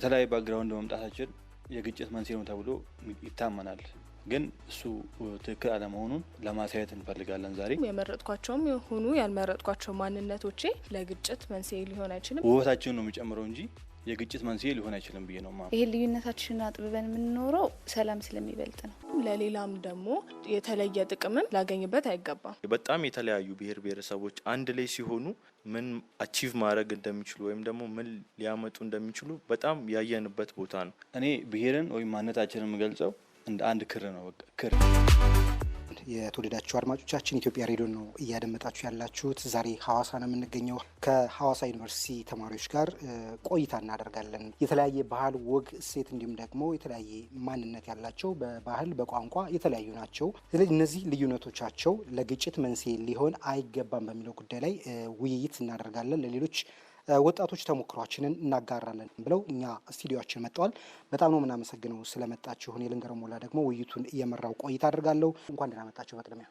ከተለያዩ ባግራውንድ መምጣታችን የግጭት መንስኤ ነው ተብሎ ይታመናል። ግን እሱ ትክክል አለመሆኑን ለማሳየት እንፈልጋለን። ዛሬ የመረጥኳቸውም የሆኑ ያልመረጥኳቸው ማንነቶቼ ለግጭት መንስኤ ሊሆን አይችልም። ውበታችን ነው የሚጨምረው እንጂ የግጭት መንስኤ ሊሆን አይችልም ብዬ ነው። ይሄ ልዩነታችንን አጥብበን የምንኖረው ሰላም ስለሚበልጥ ነው። ለሌላም ደግሞ የተለየ ጥቅምም ላገኝበት አይገባም። በጣም የተለያዩ ብሔር ብሔረሰቦች አንድ ላይ ሲሆኑ ምን አቺቭ ማድረግ እንደሚችሉ ወይም ደግሞ ምን ሊያመጡ እንደሚችሉ በጣም ያየንበት ቦታ ነው። እኔ ብሔርን ወይም ማንነታችንን የምገልጸው እንደ አንድ ክር ነው። በቃ ክር የተወደዳችሁ አድማጮቻችን ኢትዮጵያ ሬዲዮ ነው እያደመጣችሁ ያላችሁት። ዛሬ ሀዋሳ ነው የምንገኘው። ከሀዋሳ ዩኒቨርሲቲ ተማሪዎች ጋር ቆይታ እናደርጋለን። የተለያየ ባህል፣ ወግ፣ እሴት እንዲሁም ደግሞ የተለያየ ማንነት ያላቸው በባህል በቋንቋ የተለያዩ ናቸው። ስለዚህ እነዚህ ልዩነቶቻቸው ለግጭት መንስኤ ሊሆን አይገባም በሚለው ጉዳይ ላይ ውይይት እናደርጋለን ለሌሎች ወጣቶች ተሞክሯችንን እናጋራለን ብለው እኛ ስቱዲዮችን መጥተዋል። በጣም ነው የምናመሰግነው ስለመጣችሁ። እኔ ልንገረው ሞላ ደግሞ ውይይቱን እየመራው ቆይታ አድርጋለሁ። እንኳን ደህና መጣችሁ በቅድሚያ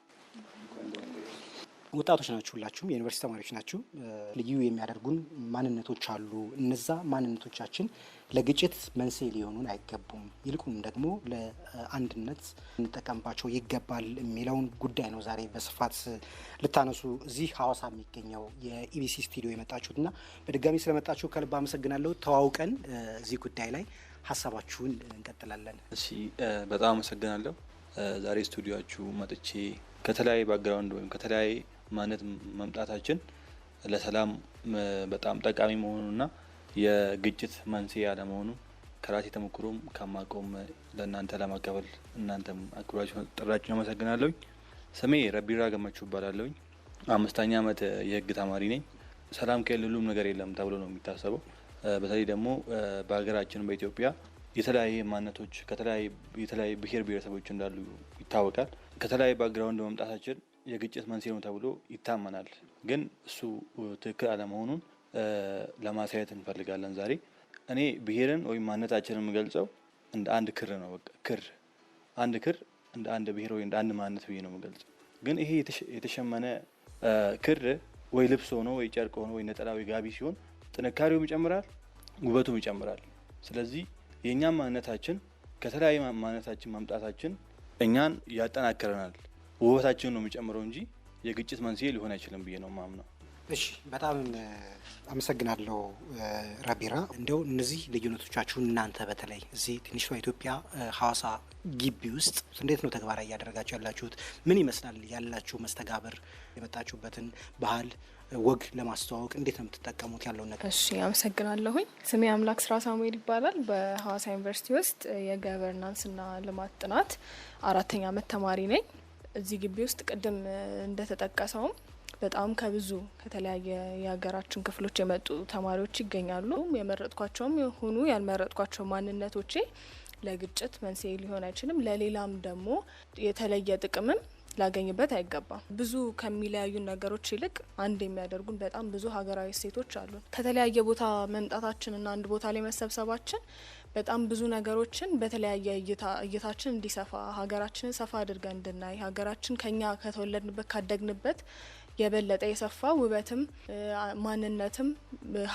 ወጣቶች ናችሁ፣ ሁላችሁም የዩኒቨርሲቲ ተማሪዎች ናችሁ። ልዩ የሚያደርጉን ማንነቶች አሉ። እነዛ ማንነቶቻችን ለግጭት መንስኤ ሊሆኑን አይገቡም። ይልቁን ደግሞ ለአንድነት እንጠቀምባቸው ይገባል የሚለውን ጉዳይ ነው ዛሬ በስፋት ልታነሱ እዚህ ሀዋሳ የሚገኘው የኢቢሲ ስቱዲዮ የመጣችሁት እና በድጋሚ ስለመጣችሁ ከልብ አመሰግናለሁ። ተዋውቀን እዚህ ጉዳይ ላይ ሀሳባችሁን እንቀጥላለን። እሺ፣ በጣም አመሰግናለሁ። ዛሬ ስቱዲዮችሁ መጥቼ ከተለያየ ባክግራውንድ ወይም ከተለያየ ማነት መምጣታችን ለሰላም በጣም ጠቃሚ መሆኑና የግጭት መንስኤ ለመሆኑ ከራሴ ተሞክሮም ከማቆም ለእናንተ ለማቀበል እናንተም አክብራችሁ ጥራችሁን አመሰግናለሁኝ። ስሜ ረቢራ ገመቹ ይባላለሁኝ። አምስተኛ ዓመት የህግ ተማሪ ነኝ። ሰላም ከሌሉም ነገር የለም ተብሎ ነው የሚታሰበው። በተለይ ደግሞ በሀገራችን በኢትዮጵያ የተለያየ ማንነቶች ከተለያየ ብሄር ብሄረሰቦች እንዳሉ ይታወቃል። ከተለያየ ባግራውንድ መምጣታችን የግጭት መንስኤ ነው ተብሎ ይታመናል። ግን እሱ ትክክል አለመሆኑን ለማሳየት እንፈልጋለን ዛሬ። እኔ ብሔርን ወይም ማንነታችንን የምገልጸው እንደ አንድ ክር ነው። በቃ ክር፣ አንድ ክር እንደ አንድ ብሔር ወይ እንደ አንድ ማንነት ብዬ ነው የምገልጸው። ግን ይሄ የተሸመነ ክር ወይ ልብስ ሆኖ ወይ ጨርቅ ሆኖ ወይ ነጠላ ወይ ጋቢ ሲሆን ጥንካሬውም ይጨምራል፣ ውበቱም ይጨምራል። ስለዚህ የእኛም ማንነታችን ከተለያየ ማንነታችን ማምጣታችን እኛን ያጠናክረናል። ውበታችን ነው የሚጨምረው እንጂ የግጭት መንስኤ ሊሆን አይችልም ብዬ ነው ማምነው። እሺ በጣም አመሰግናለሁ ረቢራ። እንደው እነዚህ ልዩነቶቻችሁ እናንተ በተለይ እዚህ ትንሿ ኢትዮጵያ ሀዋሳ ግቢ ውስጥ እንዴት ነው ተግባራዊ እያደረጋችሁ ያላችሁት? ምን ይመስላል ያላችሁ መስተጋብር? የመጣችሁበትን ባህል ወግ ለማስተዋወቅ እንዴት ነው የምትጠቀሙት ያለውን ነገር? እሺ አመሰግናለሁኝ። ስሜ አምላክ ስራ ሳሙኤል ይባላል። በሀዋሳ ዩኒቨርሲቲ ውስጥ የገቨርናንስና ልማት ጥናት አራተኛ አመት ተማሪ ነኝ። እዚህ ግቢ ውስጥ ቅድም እንደተጠቀሰውም በጣም ከብዙ ከተለያየ የሀገራችን ክፍሎች የመጡ ተማሪዎች ይገኛሉ። የመረጥኳቸውም የሆኑ ያልመረጥኳቸው ማንነቶቼ ለግጭት መንስኤ ሊሆን አይችልም። ለሌላም ደግሞ የተለየ ጥቅምም ላገኝበት አይገባም። ብዙ ከሚለያዩ ነገሮች ይልቅ አንድ የሚያደርጉን በጣም ብዙ ሀገራዊ እሴቶች አሉን። ከተለያየ ቦታ መምጣታችን እና አንድ ቦታ ላይ መሰብሰባችን በጣም ብዙ ነገሮችን በተለያየ እይታችን እንዲሰፋ ሀገራችንን ሰፋ አድርገን እንድናይ ሀገራችን ከኛ ከተወለድንበት ካደግንበት የበለጠ የሰፋ ውበትም ማንነትም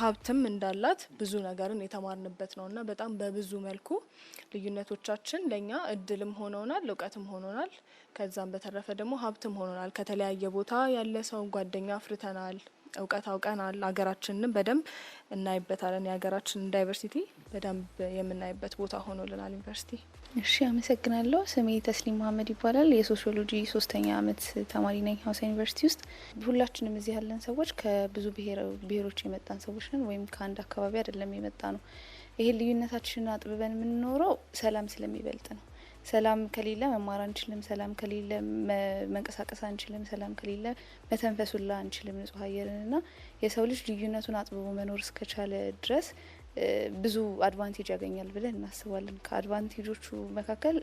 ሀብትም እንዳላት ብዙ ነገርን የተማርንበት ነው እና በጣም በብዙ መልኩ ልዩነቶቻችን ለእኛ እድልም ሆኖናል፣ እውቀትም ሆኖናል። ከዛም በተረፈ ደግሞ ሀብትም ሆኖናል። ከተለያየ ቦታ ያለ ሰው ጓደኛ አፍርተናል። እውቀት አውቀናል። ሀገራችንንም በደንብ እናይበታለን። የሀገራችንን ዳይቨርሲቲ በደንብ የምናይበት ቦታ ሆኖልናል ዩኒቨርሲቲ። እሺ፣ አመሰግናለሁ። ስሜ ተስሊም መሀመድ ይባላል። የሶሲዮሎጂ ሶስተኛ አመት ተማሪ ነኝ ሀዋሳ ዩኒቨርሲቲ ውስጥ። ሁላችንም እዚህ ያለን ሰዎች ከብዙ ብሔሮች የመጣን ሰዎች ነን፣ ወይም ከአንድ አካባቢ አይደለም የመጣ ነው። ይሄ ልዩነታችንን አጥብበን የምንኖረው ሰላም ስለሚበልጥ ነው። ሰላም ከሌለ መማር አንችልም። ሰላም ከሌለ መንቀሳቀስ አንችልም። ሰላም ከሌለ መተንፈሱላ አንችልም ንጹህ አየርን እና የሰው ልጅ ልዩነቱን አጥብቦ መኖር እስከቻለ ድረስ ብዙ አድቫንቴጅ ያገኛል ብለን እናስባለን። ከአድቫንቴጆቹ መካከል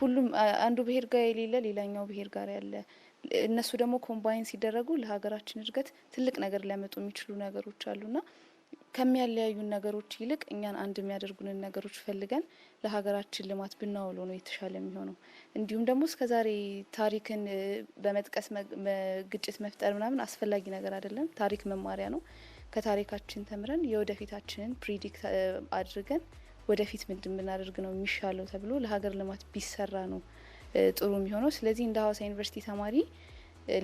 ሁሉም አንዱ ብሄር ጋር የሌለ ሌላኛው ብሄር ጋር ያለ እነሱ ደግሞ ኮምባይን ሲደረጉ ለሀገራችን እድገት ትልቅ ነገር ሊያመጡ የሚችሉ ነገሮች አሉና ከሚያለያዩን ነገሮች ይልቅ እኛን አንድ የሚያደርጉንን ነገሮች ፈልገን ለሀገራችን ልማት ብናውሎ ነው የተሻለ የሚሆነው። እንዲሁም ደግሞ እስከዛሬ ታሪክን በመጥቀስ ግጭት መፍጠር ምናምን አስፈላጊ ነገር አይደለም። ታሪክ መማሪያ ነው። ከታሪካችን ተምረን የወደፊታችንን ፕሪዲክት አድርገን ወደፊት ምንድን ብናደርግ ነው የሚሻለው ተብሎ ለሀገር ልማት ቢሰራ ነው ጥሩ የሚሆነው። ስለዚህ እንደ ሀዋሳ ዩኒቨርሲቲ ተማሪ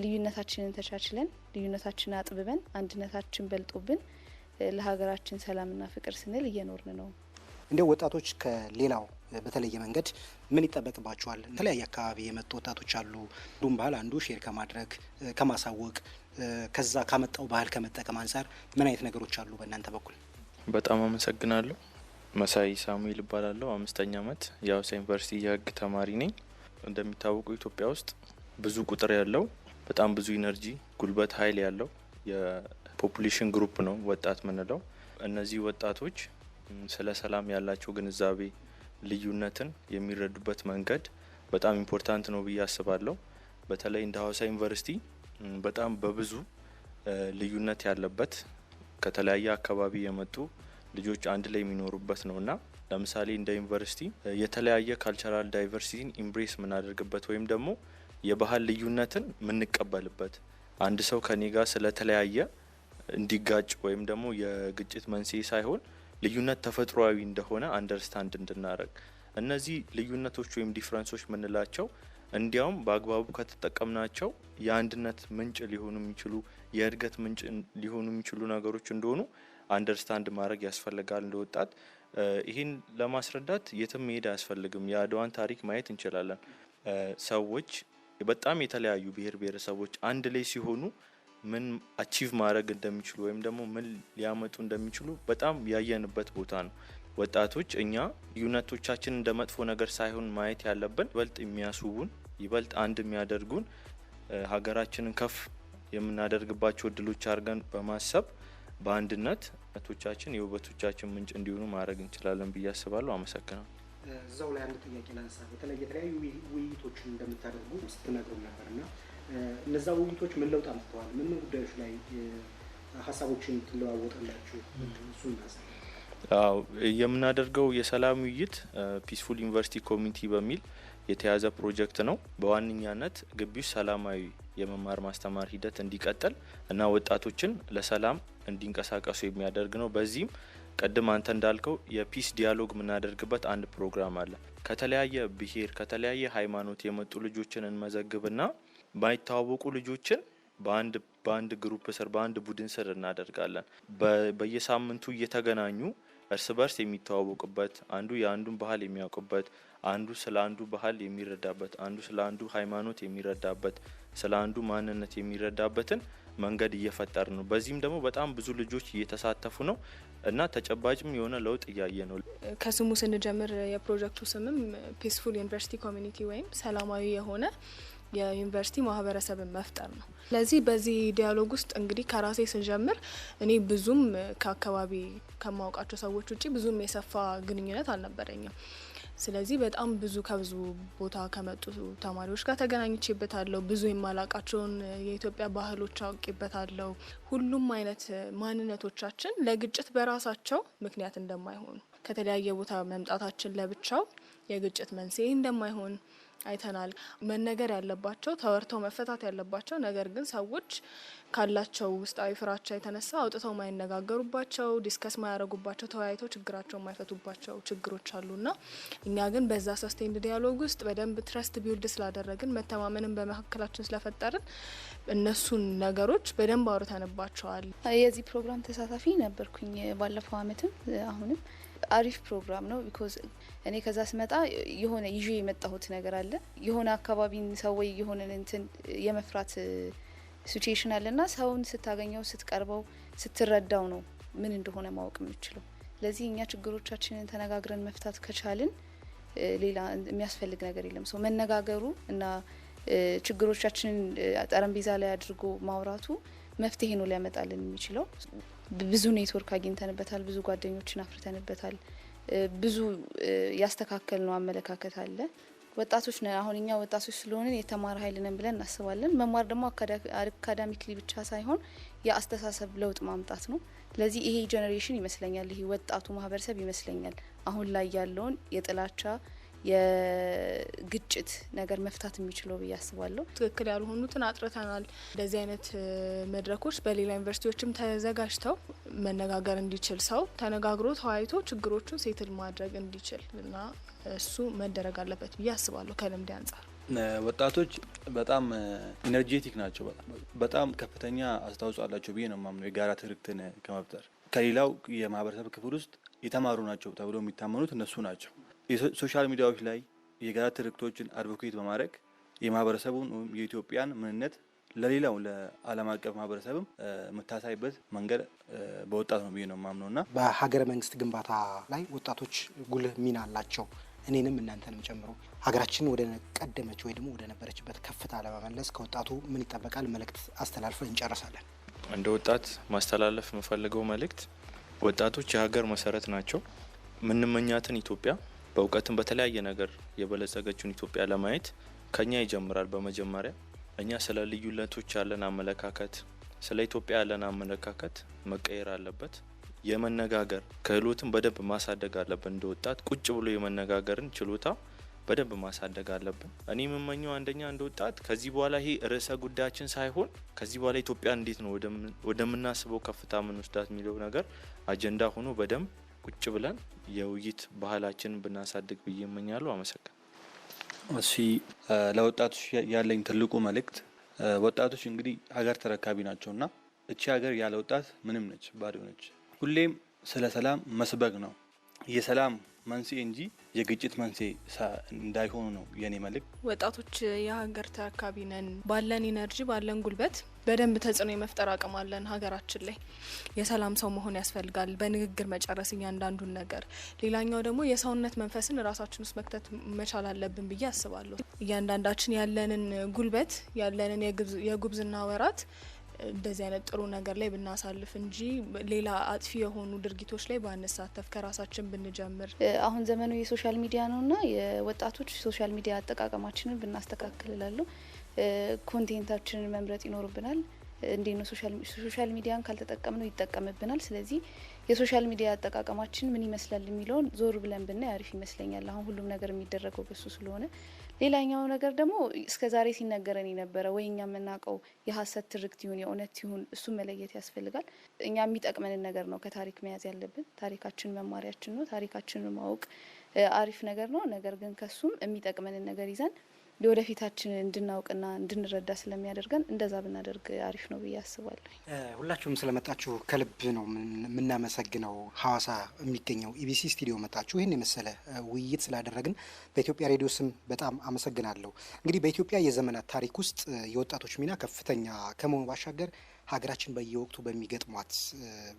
ልዩነታችንን ተቻችለን ልዩነታችንን አጥብበን አንድነታችን በልጦብን ለሀገራችን ሰላምና ፍቅር ስንል እየኖርን ነው። እንዲያው ወጣቶች ከሌላው በተለየ መንገድ ምን ይጠበቅባቸዋል? የተለያየ አካባቢ የመጡ ወጣቶች አሉ። ሁሉም ባህል አንዱ ሼር ከማድረግ ከማሳወቅ፣ ከዛ ካመጣው ባህል ከመጠቀም አንጻር ምን አይነት ነገሮች አሉ በእናንተ በኩል? በጣም አመሰግናለሁ። መሳይ ሳሙኤል እባላለሁ። አምስተኛ ዓመት የሀዋሳ ዩኒቨርሲቲ የህግ ተማሪ ነኝ። እንደሚታወቀው ኢትዮጵያ ውስጥ ብዙ ቁጥር ያለው በጣም ብዙ ኢነርጂ፣ ጉልበት፣ ኃይል ያለው ፖፑሌሽን ግሩፕ ነው ወጣት ምንለው። እነዚህ ወጣቶች ስለ ሰላም ያላቸው ግንዛቤ ልዩነትን የሚረዱበት መንገድ በጣም ኢምፖርታንት ነው ብዬ አስባለሁ። በተለይ እንደ ሀዋሳ ዩኒቨርሲቲ በጣም በብዙ ልዩነት ያለበት ከተለያየ አካባቢ የመጡ ልጆች አንድ ላይ የሚኖሩበት ነው እና ለምሳሌ እንደ ዩኒቨርሲቲ የተለያየ ካልቸራል ዳይቨርሲቲን ኢምብሬስ የምናደርግበት ወይም ደግሞ የባህል ልዩነትን የምንቀበልበት አንድ ሰው ከኔ ጋር ስለተለያየ እንዲጋጭ ወይም ደግሞ የግጭት መንስኤ ሳይሆን ልዩነት ተፈጥሯዊ እንደሆነ አንደርስታንድ እንድናደረግ እነዚህ ልዩነቶች ወይም ዲፍረንሶች የምንላቸው እንዲያውም በአግባቡ ከተጠቀምናቸው የአንድነት ምንጭ ሊሆኑ የሚችሉ የእድገት ምንጭ ሊሆኑ የሚችሉ ነገሮች እንደሆኑ አንደርስታንድ ማድረግ ያስፈልጋል እንደወጣት ይህን ለማስረዳት የትም መሄድ አያስፈልግም። የአድዋን ታሪክ ማየት እንችላለን። ሰዎች በጣም የተለያዩ ብሔር ብሔረሰቦች አንድ ላይ ሲሆኑ ምን አቺቭ ማድረግ እንደሚችሉ ወይም ደግሞ ምን ሊያመጡ እንደሚችሉ በጣም ያየንበት ቦታ ነው። ወጣቶች እኛ ልዩነቶቻችን እንደ መጥፎ ነገር ሳይሆን ማየት ያለብን ይበልጥ የሚያስቡን ይበልጥ አንድ የሚያደርጉን ሀገራችንን ከፍ የምናደርግባቸው እድሎች አድርገን በማሰብ በአንድነት ነቶቻችን የውበቶቻችን ምንጭ እንዲሆኑ ማድረግ እንችላለን ብዬ አስባለሁ። አመሰግናለሁ። እዛው ላይ አንድ ጥያቄ ላንሳ። በተለይ የተለያዩ ውይይቶችን እንደምታደርጉ ስትነግሩ ነበርና እነዛ ውይይቶች ምን ለውጥ አምጥተዋል? ምን ጉዳዮች ላይ ሀሳቦችን ትለዋወጣላችሁ? እሱ የምናደርገው የሰላም ውይይት ፒስፉል ዩኒቨርሲቲ ኮሚኒቲ በሚል የተያዘ ፕሮጀክት ነው። በዋነኛነት ግቢው ሰላማዊ የመማር ማስተማር ሂደት እንዲቀጥል እና ወጣቶችን ለሰላም እንዲንቀሳቀሱ የሚያደርግ ነው። በዚህም ቅድም አንተ እንዳልከው የፒስ ዲያሎግ የምናደርግበት አንድ ፕሮግራም አለ። ከተለያየ ብሔር ከተለያየ ሃይማኖት የመጡ ልጆችን እንመዘግብና ባይተዋወቁ ልጆችን በአንድ በአንድ ግሩፕ ስር በአንድ ቡድን ስር እናደርጋለን። በየሳምንቱ እየተገናኙ እርስ በርስ የሚተዋወቅበት አንዱ የአንዱን ባህል የሚያውቅበት አንዱ ስለ አንዱ ባህል የሚረዳበት አንዱ ስለ አንዱ ሃይማኖት የሚረዳበት ስለ አንዱ ማንነት የሚረዳበትን መንገድ እየፈጠር ነው። በዚህም ደግሞ በጣም ብዙ ልጆች እየተሳተፉ ነው እና ተጨባጭም የሆነ ለውጥ እያየ ነው። ከስሙ ስንጀምር የፕሮጀክቱ ስምም ፒስፉል ዩኒቨርሲቲ ኮሚኒቲ ወይም ሰላማዊ የሆነ የዩኒቨርሲቲ ማህበረሰብን መፍጠር ነው። ስለዚህ በዚህ ዲያሎግ ውስጥ እንግዲህ ከራሴ ስንጀምር እኔ ብዙም ከአካባቢ ከማውቃቸው ሰዎች ውጭ ብዙም የሰፋ ግንኙነት አልነበረኝም። ስለዚህ በጣም ብዙ ከብዙ ቦታ ከመጡ ተማሪዎች ጋር ተገናኝቼበታለሁ። ብዙ የማላቃቸውን የኢትዮጵያ ባህሎች አውቄበታለሁ። ሁሉም አይነት ማንነቶቻችን ለግጭት በራሳቸው ምክንያት እንደማይሆኑ ከተለያየ ቦታ መምጣታችን ለብቻው የግጭት መንስኤ እንደማይሆን አይተናል። መነገር ያለባቸው ተወርተው መፈታት ያለባቸው ነገር ግን ሰዎች ካላቸው ውስጣዊ ፍራቻ የተነሳ አውጥተው ማይነጋገሩባቸው፣ ዲስከስ ማያደረጉባቸው፣ ተወያይተው ችግራቸው ማይፈቱባቸው ችግሮች እና እኛ ግን በዛ ሰስቴንድ ዲያሎግ ውስጥ በደንብ ትረስት ቢውልድ ስላደረግን መተማመንን በመካከላችን ስለፈጠርን እነሱን ነገሮች በደንብ አውርተንባቸዋል። የዚህ ፕሮግራም ተሳታፊ ነበርኩኝ ባለፈው አመትም አሁንም አሪፍ ፕሮግራም ነው ቢኮዝ እኔ ከዛ ስመጣ የሆነ ይዤ የመጣሁት ነገር አለ። የሆነ አካባቢን ሰው ወይ የሆነን እንትን የመፍራት ሲቹዌሽን አለ እና ሰውን ስታገኘው፣ ስትቀርበው፣ ስትረዳው ነው ምን እንደሆነ ማወቅ የምችለው። ለዚህ እኛ ችግሮቻችንን ተነጋግረን መፍታት ከቻልን ሌላ የሚያስፈልግ ነገር የለም። ሰው መነጋገሩ እና ችግሮቻችንን ጠረጴዛ ላይ አድርጎ ማውራቱ መፍትሄ ነው ሊያመጣልን የሚችለው። ብዙ ኔትወርክ አግኝተንበታል። ብዙ ጓደኞችን አፍርተንበታል። ብዙ ያስተካከል ነው አመለካከት አለ። ወጣቶች ነን አሁን እኛ ወጣቶች ስለሆንን የተማረ ኃይል ነን ብለን እናስባለን። መማር ደግሞ አካዳሚክሊ ብቻ ሳይሆን የአስተሳሰብ ለውጥ ማምጣት ነው። ለዚህ ይሄ ጄኔሬሽን ይመስለኛል ይሄ ወጣቱ ማህበረሰብ ይመስለኛል አሁን ላይ ያለውን የጥላቻ የግጭት ነገር መፍታት የሚችለው ብዬ አስባለሁ። ትክክል ያልሆኑትን አጥርተናል። እንደዚህ አይነት መድረኮች በሌላ ዩኒቨርሲቲዎችም ተዘጋጅተው መነጋገር እንዲችል ሰው ተነጋግሮ ተወያይቶ ችግሮቹን ሴትል ማድረግ እንዲችል እና እሱ መደረግ አለበት ብዬ አስባለሁ ከልምድ አንጻር ወጣቶች በጣም ኢነርጄቲክ ናቸው። በጣም ከፍተኛ አስተዋጽኦ አላቸው ብዬ ነው የማምነው። የጋራ ትርክትን ከመፍጠር ከሌላው የማህበረሰብ ክፍል ውስጥ የተማሩ ናቸው ተብሎ የሚታመኑት እነሱ ናቸው። የሶሻል ሚዲያዎች ላይ የጋራ ትርክቶችን አድቮኬት በማድረግ የማህበረሰቡን ወይም የኢትዮጵያን ምንነት ለሌላው ለዓለም አቀፍ ማህበረሰብም የምታሳይበት መንገድ በወጣት ነው ብዬ ነው የማምነው እና በሀገረ መንግስት ግንባታ ላይ ወጣቶች ጉልህ ሚና አላቸው። እኔንም እናንተንም ጨምሮ ሀገራችን ወደ ቀደመች ወይ ደግሞ ወደ ነበረችበት ከፍታ ለመመለስ ከወጣቱ ምን ይጠበቃል? መልእክት አስተላልፈን እንጨርሳለን። እንደ ወጣት ማስተላለፍ የምፈልገው መልእክት ወጣቶች የሀገር መሰረት ናቸው። ምንመኛትን ኢትዮጵያ በእውቀትም በተለያየ ነገር የበለጸገችውን ኢትዮጵያ ለማየት ከኛ ይጀምራል። በመጀመሪያ እኛ ስለ ልዩነቶች ያለን አመለካከት፣ ስለ ኢትዮጵያ ያለን አመለካከት መቀየር አለበት። የመነጋገር ክህሎትን በደንብ ማሳደግ አለብን። እንደ ወጣት ቁጭ ብሎ የመነጋገርን ችሎታ በደንብ ማሳደግ አለብን። እኔ የምመኘው አንደኛ እንደ ወጣት ከዚህ በኋላ ይሄ ርዕሰ ጉዳያችን ሳይሆን ከዚህ በኋላ ኢትዮጵያ እንዴት ነው ወደምናስበው ከፍታ ምን ወስዳት የሚለው ነገር አጀንዳ ሆኖ በደንብ ቁጭ ብለን የውይይት ባህላችንን ብናሳድግ ብዬ እመኛለሁ። አመሰግን። እሺ፣ ለወጣቶች ያለኝ ትልቁ መልእክት ወጣቶች እንግዲህ ሀገር ተረካቢ እና እቺ ሀገር ያለ ወጣት ምንም ነች፣ ባዶ ነች። ሁሌም ስለ ሰላም መስበግ ነው የሰላም መንስኤ እንጂ የግጭት መንስኤ እንዳይሆኑ ነው የኔ መልእክት። ወጣቶች የሀገር ተረካቢ ነን። ባለን ኢነርጂ ባለን ጉልበት በደንብ ተጽዕኖ የመፍጠር አቅም አለን። ሀገራችን ላይ የሰላም ሰው መሆን ያስፈልጋል። በንግግር መጨረስ እያንዳንዱን ነገር። ሌላኛው ደግሞ የሰውነት መንፈስን ራሳችን ውስጥ መክተት መቻል አለብን ብዬ አስባለሁ። እያንዳንዳችን ያለንን ጉልበት ያለንን የጉብዝና ወራት እንደዚህ አይነት ጥሩ ነገር ላይ ብናሳልፍ እንጂ ሌላ አጥፊ የሆኑ ድርጊቶች ላይ ባንሳተፍ ከራሳችን ብንጀምር። አሁን ዘመኑ የሶሻል ሚዲያ ነው ና የወጣቶች ሶሻል ሚዲያ አጠቃቀማችንን ብናስተካክል ላሉ ኮንቴንታችንን መምረጥ ይኖርብናል። እንዴት ነው ሶሻል ሚዲያን ካልተጠቀምነው ይጠቀምብናል። ስለዚህ የሶሻል ሚዲያ አጠቃቀማችን ምን ይመስላል የሚለውን ዞር ብለን ብናይ አሪፍ ይመስለኛል። አሁን ሁሉም ነገር የሚደረገው በሱ ስለሆነ ሌላኛው ነገር ደግሞ እስከዛሬ ሲነገረን የነበረ ወይ እኛ የምናውቀው የሀሰት ትርክት ይሁን የእውነት ይሁን እሱ መለየት ያስፈልጋል። እኛ የሚጠቅመንን ነገር ነው ከታሪክ መያዝ ያለብን። ታሪካችን መማሪያችን ነው። ታሪካችንን ማወቅ አሪፍ ነገር ነው። ነገር ግን ከሱም የሚጠቅመንን ነገር ይዘን ለወደፊታችን እንድናውቅና እንድንረዳ ስለሚያደርገን እንደዛ ብናደርግ አሪፍ ነው ብዬ አስባለሁ። ሁላችሁም ስለመጣችሁ ከልብ ነው የምናመሰግነው። ሀዋሳ የሚገኘው ኢቢሲ ስቱዲዮ መጣችሁ ይህን የመሰለ ውይይት ስላደረግን በኢትዮጵያ ሬዲዮ ስም በጣም አመሰግናለሁ። እንግዲህ በኢትዮጵያ የዘመናት ታሪክ ውስጥ የወጣቶች ሚና ከፍተኛ ከመሆኑ ባሻገር ሀገራችን በየወቅቱ በሚገጥሟት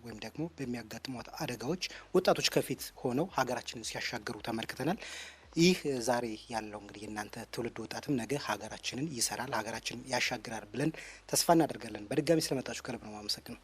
ወይም ደግሞ በሚያጋጥሟት አደጋዎች ወጣቶች ከፊት ሆነው ሀገራችንን ሲያሻገሩ ተመልክተናል። ይህ ዛሬ ያለው እንግዲህ የእናንተ ትውልድ ወጣትም ነገ ሀገራችንን ይሰራል፣ ሀገራችንን ያሻግራል ብለን ተስፋ እናደርጋለን። በድጋሚ ስለመጣችሁ ከልብ ነው ማመሰግነው።